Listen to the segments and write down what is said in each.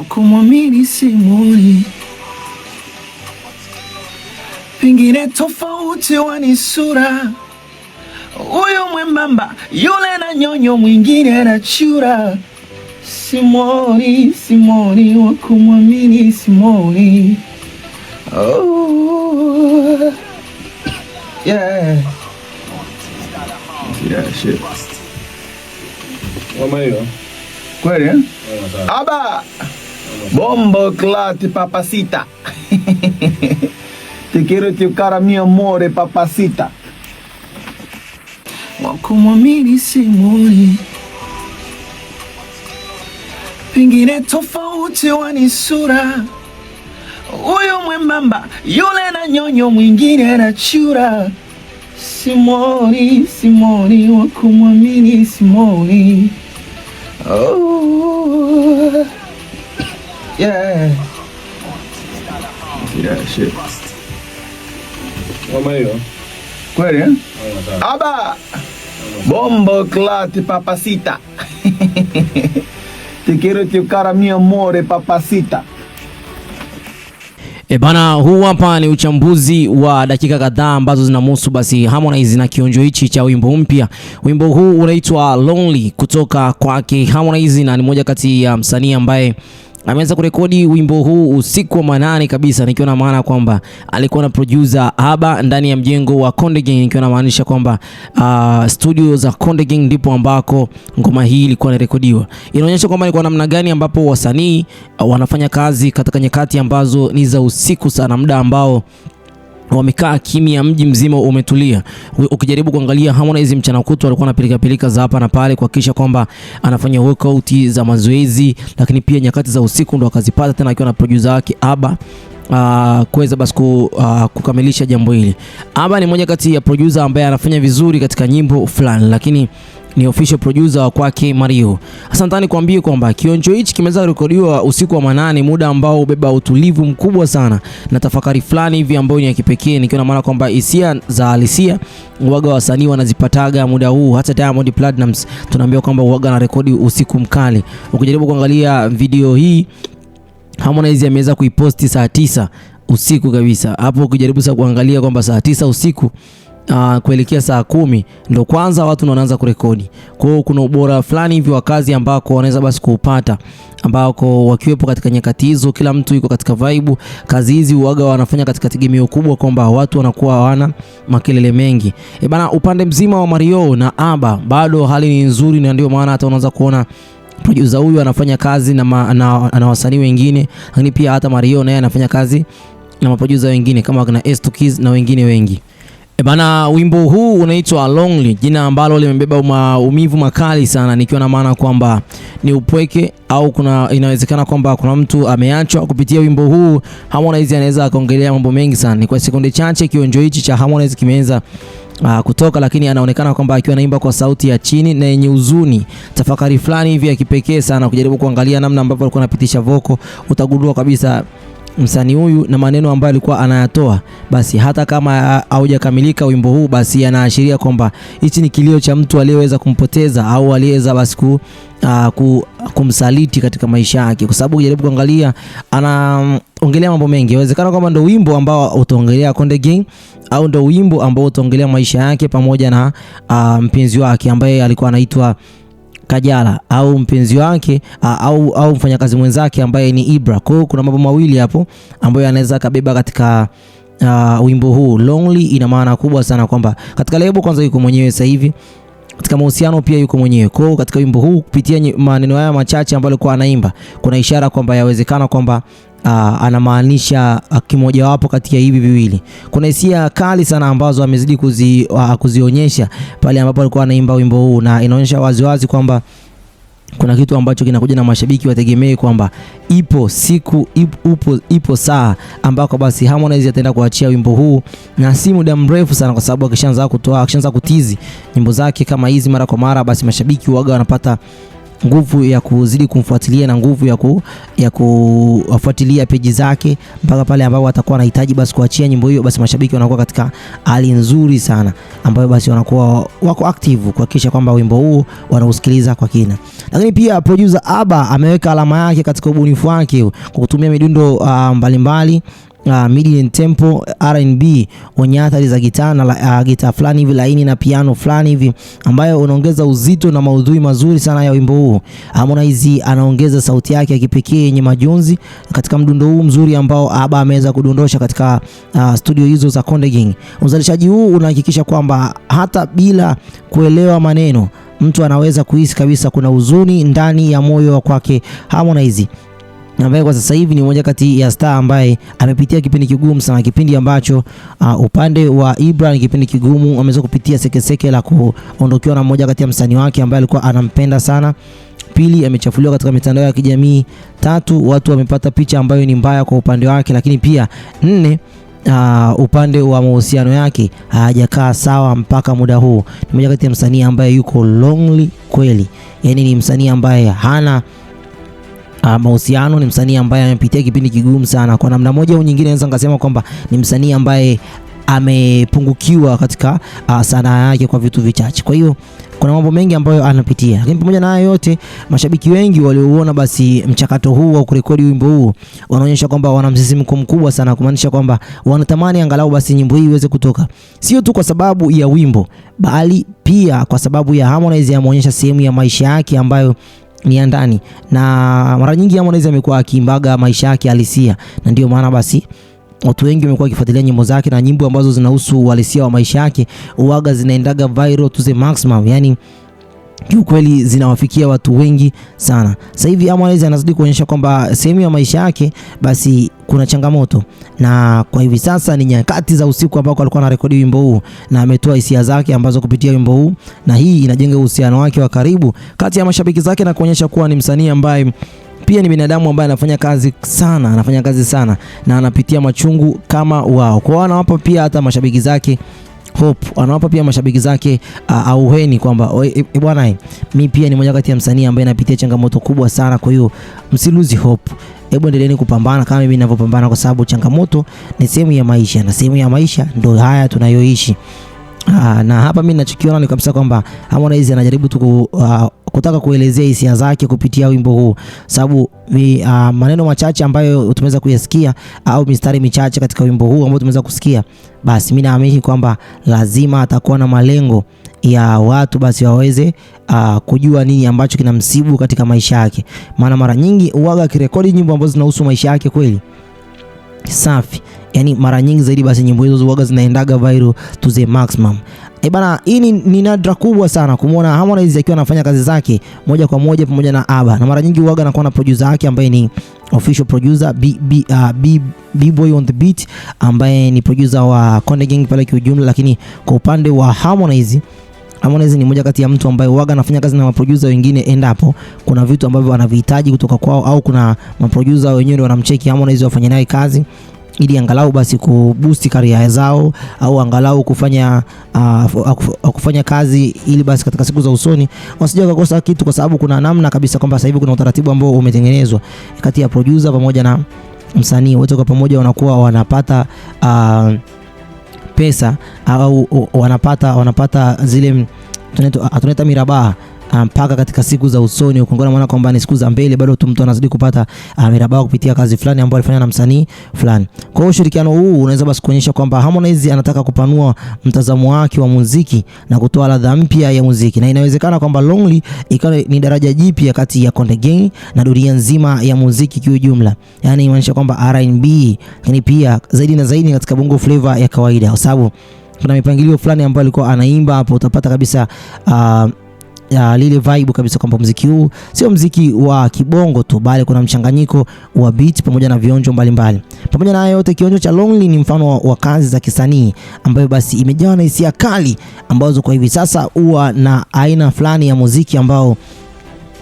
kwa kumwamini simuni, pengine tofauti wani sura, huyu mwembamba, yule na nyonyo, mwingine na chura. Simoni, Simoni wa kumwamini Simoni. Oh. Yeah. Yeah, shit. Kweli eh? Aba. Bombo clati papacita. Te quiero tu cara mi amore papacita. Como mimi simoni pengine tofauti wanisura sura huyo mwembamba yule na nyonyo mwingine na chura simoni simoni wakumwamini simoni oh. Kweli eh? Aba. Bombo clat papasita. Te quiero tocar mi amore papasita. E bana, huu hapa ni uchambuzi wa dakika kadhaa ambazo zinamhusu basi Harmonize na kionjo hichi cha wimbo mpya. Wimbo huu unaitwa Lonely kutoka kwake Harmonize na ni moja kati ya msanii ambaye ameweza kurekodi wimbo huu usiku wa manane kabisa, nikiwa na maana kwamba alikuwa na producer Haba ndani ya mjengo wa Konde Gang, nikiwa na maanisha kwamba uh, studio za Konde Gang ndipo ambako ngoma hii ilikuwa inarekodiwa. Inaonyesha kwamba ni kwa namna gani ambapo wasanii uh, wanafanya kazi katika nyakati ambazo ni za usiku sana, muda ambao wamekaa kimya, mji mzima umetulia. Ukijaribu kuangalia Harmonize mchana kutwa alikuwa anapilika pilika za hapa na pale kuhakikisha kwamba anafanya workout za mazoezi, lakini pia nyakati za usiku ndo akazipata tena akiwa na producer wake Aba Uh, ah, kuweza basi ku, uh, kukamilisha jambo hili. Aba ni mmoja kati ya producer ambaye anafanya vizuri katika nyimbo fulani, lakini ni official producer wa kwake Mario. Asantani kuambie kwamba kionjo hichi kimeweza kurekodiwa usiku wa manane, muda ambao hubeba utulivu mkubwa sana na tafakari fulani hivi ambayo ni ya kipekee, nikiwa na maana kwamba hisia za halisia uwaga wasanii wanazipataga muda huu. Hata Diamond Platnumz tunaambiwa kwamba uwaga anarekodi usiku mkali. Ukijaribu kuangalia video hii, Harmonize ameweza kuiposti saa tisa usiku kabisa. Hapo ukijaribu sasa kuangalia kwamba saa tisa usiku uh, kuelekea saa kumi ndo kwanza watu ndo wanaanza kurekodi. Kwa hiyo kuna ubora fulani hivi wa kazi ambako wanaweza basi kuupata, ambako wakiwepo katika nyakati hizo, kila mtu yuko katika vibe. Kazi hizi uaga wanafanya katika tegemeo kubwa kwamba watu wanakuwa hawana makelele mengi. E bana, upande mzima wa Mario na Aba bado hali ni nzuri, na ndio maana hata unaanza kuona producer huyu anafanya kazi na, ma, na, na wasanii wengine, lakini pia hata Mario naye anafanya kazi na maproducer wengine kama kina S2 Kids na wengine wengi. E bana, wimbo huu unaitwa Lonely, jina ambalo limebeba maumivu makali sana, nikiwa na maana kwamba ni upweke au kuna inawezekana kwamba kuna mtu ameachwa. Kupitia wimbo huu Harmonize anaweza akaongelea mambo mengi sana. Ni kwa sekunde chache kionjo hichi cha Harmonize kimeweza Uh, kutoka lakini anaonekana kwamba akiwa anaimba kwa sauti ya chini na yenye huzuni, tafakari fulani hivi ya kipekee sana. Kujaribu kuangalia namna ambavyo alikuwa anapitisha voko, utagundua kabisa msanii huyu na maneno ambayo alikuwa anayatoa, basi hata kama haujakamilika wimbo huu, basi anaashiria kwamba hichi ni kilio cha mtu aliyeweza kumpoteza au aliyeweza basi ku, uh, ku, kumsaliti katika maisha yake, kwa sababu jaribu kuangalia, anaongelea mambo mengi. Inawezekana kwamba ndo wimbo ambao utaongelea Konde Gang au ndo wimbo ambao utaongelea maisha yake pamoja na uh, mpenzi wake ambaye alikuwa anaitwa Kajala au mpenzi wake au, au mfanyakazi mwenzake ambaye ni Ibra. Kwa hiyo kuna mambo mawili hapo ambayo anaweza akabeba katika uh, wimbo huu. Lonely ina maana kubwa sana kwamba katika lebo kwanza yuko mwenyewe sasa hivi katika mahusiano pia yuko mwenyewe. Kwa hiyo katika wimbo huu kupitia maneno haya machache ambayo alikuwa anaimba, kuna ishara kwamba yawezekana kwamba Uh, anamaanisha uh, kimojawapo kati ya hivi viwili. Kuna hisia kali sana ambazo amezidi kuzi, uh, kuzionyesha pale ambapo alikuwa anaimba wimbo huu na inaonyesha waziwazi kwamba kuna kitu ambacho kinakuja na mashabiki wategemee kwamba ipo siku ipo, ipo, ipo saa ambako basi Harmonize ataenda kuachia wimbo huu na si muda mrefu sana, kwa sababu akishaanza kutoa akishaanza kutizi nyimbo zake kama hizi mara kwa mara, basi mashabiki huaga wanapata nguvu ya kuzidi kumfuatilia na nguvu ya, ku, ya kufuatilia peji zake mpaka pale ambapo atakuwa anahitaji basi kuachia nyimbo hiyo, basi mashabiki wanakuwa katika hali nzuri sana, ambayo basi wanakuwa wako active kuhakikisha kwamba wimbo huu wanausikiliza kwa kina. Lakini pia producer Aba ameweka alama yake katika ubunifu wake kwa kutumia midundo uh, mbalimbali uh, midian tempo R&B wenye athari za gitaa na uh, gitaa fulani hivi laini na piano fulani hivi ambayo unaongeza uzito na maudhui mazuri sana ya wimbo huu. Harmonize anaongeza sauti yake ya kipekee yenye majonzi katika mdundo huu mzuri ambao Aba ameweza kudondosha katika uh, studio hizo za Konde Gang. Uzalishaji huu unahakikisha kwamba hata bila kuelewa maneno mtu anaweza kuhisi kabisa kuna huzuni ndani ya moyo wa kwake Harmonize ambaye kwa sasa hivi ni moja kati ya star ambaye amepitia kipindi kigumu sana, kipindi ambacho uh, upande wa Ibra ni kipindi kigumu, ameweza kupitia sekeseke seke la kuondokewa na mmoja kati ya msanii wake ambaye alikuwa anampenda sana. Pili, amechafuliwa katika mitandao ya kijamii. Tatu, watu wamepata picha ambayo ni mbaya kwa upande wake, lakini pia nne Uh, upande wa mahusiano yake hajakaa sawa mpaka muda huu. Ni mmoja kati ya msanii ambaye yuko lonely kweli, yani ni msanii ambaye hana uh, mahusiano. Ni msanii ambaye amepitia kipindi kigumu sana. Kwa namna moja au nyingine, naweza ngasema kwamba ni msanii ambaye amepungukiwa katika uh, sanaa yake kwa vitu vichache. Kwa hiyo kuna mambo mengi ambayo anapitia, lakini pamoja na hayo yote, mashabiki wengi waliouona basi mchakato huu wa kurekodi wimbo huu wanaonyesha kwamba wana msisimko mkubwa sana, kumaanisha kwamba wanatamani angalau basi nyimbo hii iweze kutoka, sio tu kwa sababu ya wimbo, bali pia kwa sababu ya Harmonize ameonyesha sehemu ya maisha yake ambayo ni ya ndani, na mara nyingi Harmonize amekuwa akiimbaga maisha yake halisia, na ndio maana basi watu wengi wamekuwa wakifuatilia nyimbo zake na nyimbo ambazo zinahusu uhalisia wa maisha yake uwaga zinaendaga viral to the maximum, yani kiukweli zinawafikia watu wengi sana. Sasa hivi Harmonize anazidi kuonyesha kwamba sehemu ya maisha yake basi kuna changamoto, na kwa hivi sasa ni nyakati za usiku ambako alikuwa anarekodi wimbo huu na ametoa hisia zake ambazo kupitia wimbo huu, na hii inajenga uhusiano wake wa karibu kati ya mashabiki zake na kuonyesha kuwa ni msanii ambaye pia ni binadamu ambaye anafanya kazi sana, anafanya kazi sana na anapitia machungu kama wao. Kwa hiyo anawapa pia hata mashabiki zake hope, anawapa pia mashabiki zake uh, auheni kwamba e, e, bwana, eh, mi pia ni moja kati ya msanii ambaye napitia changamoto kubwa sana, kwa hiyo msiluzi hope. Hebu endeleeni kupambana kama mimi ninavyopambana, kwa sababu changamoto ni sehemu ya maisha, na sehemu ya maisha ndio haya tunayoishi. Aa, ah, na hapa mimi ninachokiona ni kabisa kwamba Harmonize anajaribu tu uh, kutaka kuelezea hisia zake kupitia wimbo huu, sababu uh, maneno machache ambayo tumeweza kuyasikia au mistari michache katika wimbo huu ambao tumeweza kusikia, basi mimi naamini kwamba lazima atakuwa na malengo ya watu basi waweze uh, kujua nini ambacho kinamsibu katika maisha yake, maana mara nyingi uwaga akirekodi nyimbo ambazo zinahusu maisha yake kweli safi yani mara nyingi zaidi basi nyimbo hizo huaga zinaendaga viral to the maximum. E eh, bana, hii ni ni nadra kubwa sana kumwona Harmonize akiwa anafanya kazi zake moja kwa moja pamoja na Aba, na mara nyingi huaga anakuwa na producer wake ambaye ni official producer B, B, uh, B, B Boy on the beat ambaye ni producer wa Konde Gang pale kwa ujumla, lakini kwa upande wa Harmonize Harmonize ni moja kati ya mtu ambaye waga anafanya kazi na maproducer wengine endapo kuna vitu ambavyo anavihitaji kutoka kwao au kuna maproducer wenyewe wanamcheki Harmonize wafanye naye kazi ili angalau basi kuboost karia zao au angalau kufanya uh, kufanya kazi ili basi katika siku za usoni wasije wakakosa kitu, kwa sababu kuna namna kabisa kwamba sasa hivi kuna utaratibu ambao umetengenezwa kati ya producer pamoja na msanii, wote kwa pamoja wanakuwa wanapata uh, pesa au wanapata wanapata zile tunaita mirabaha Ah, mpaka katika siku za usoni uko ngona maana kwamba ni siku za mbele bado tu mtu anazidi kupata uh, ah, mirabaha kupitia kazi fulani ambayo alifanya na msanii fulani. Kwa hiyo ushirikiano huu unaweza basi kuonyesha kwamba Harmonize anataka kupanua mtazamo wake wa muziki na kutoa ladha mpya ya muziki, na inawezekana kwamba Lonely ikawa ni daraja jipya kati ya Konde Gang na dunia nzima ya muziki kwa ujumla, yani inaonyesha kwamba R&B yani pia zaidi na zaidi katika bongo flavor ya kawaida, kwa sababu kuna mipangilio fulani ambayo alikuwa anaimba hapo, utapata kabisa uh, uh, lile vibe kabisa kwamba mziki huu sio mziki wa kibongo tu, bali kuna mchanganyiko wa beat pamoja na vionjo mbalimbali. Pamoja na hayo yote, kionjo cha Lonely ni mfano wa, wa kazi za kisanii ambayo basi imejawa na hisia kali ambazo kwa hivi sasa huwa na aina fulani ya muziki ambao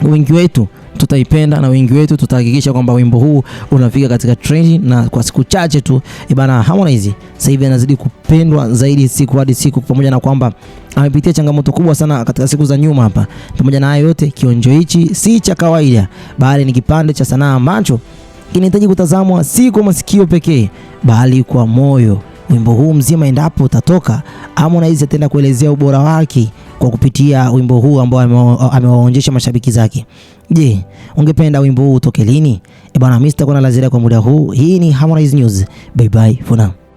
wengi wetu tutaipenda na wengi wetu tutahakikisha kwamba wimbo huu unafika katika trend, na kwa siku chache tu ibana, eh Harmonize sasa hivi anazidi kupendwa zaidi siku hadi siku, pamoja na kwamba amepitia changamoto kubwa sana katika siku za nyuma hapa. Pamoja na hayo yote, kionjo hichi si cha kawaida, bali ni kipande cha sanaa ambacho kinahitaji kutazamwa si kwa masikio pekee, bali kwa moyo. Wimbo huu mzima, endapo utatoka, Harmonize ataenda kuelezea ubora wake kwa kupitia wimbo huu ambao amewaonyesha mashabiki zake. Je, ungependa wimbo huu utoke lini? E bwana, mimi sitakuwa na la ziada kwa muda huu. Hii ni Harmonize News. Bye bye for now.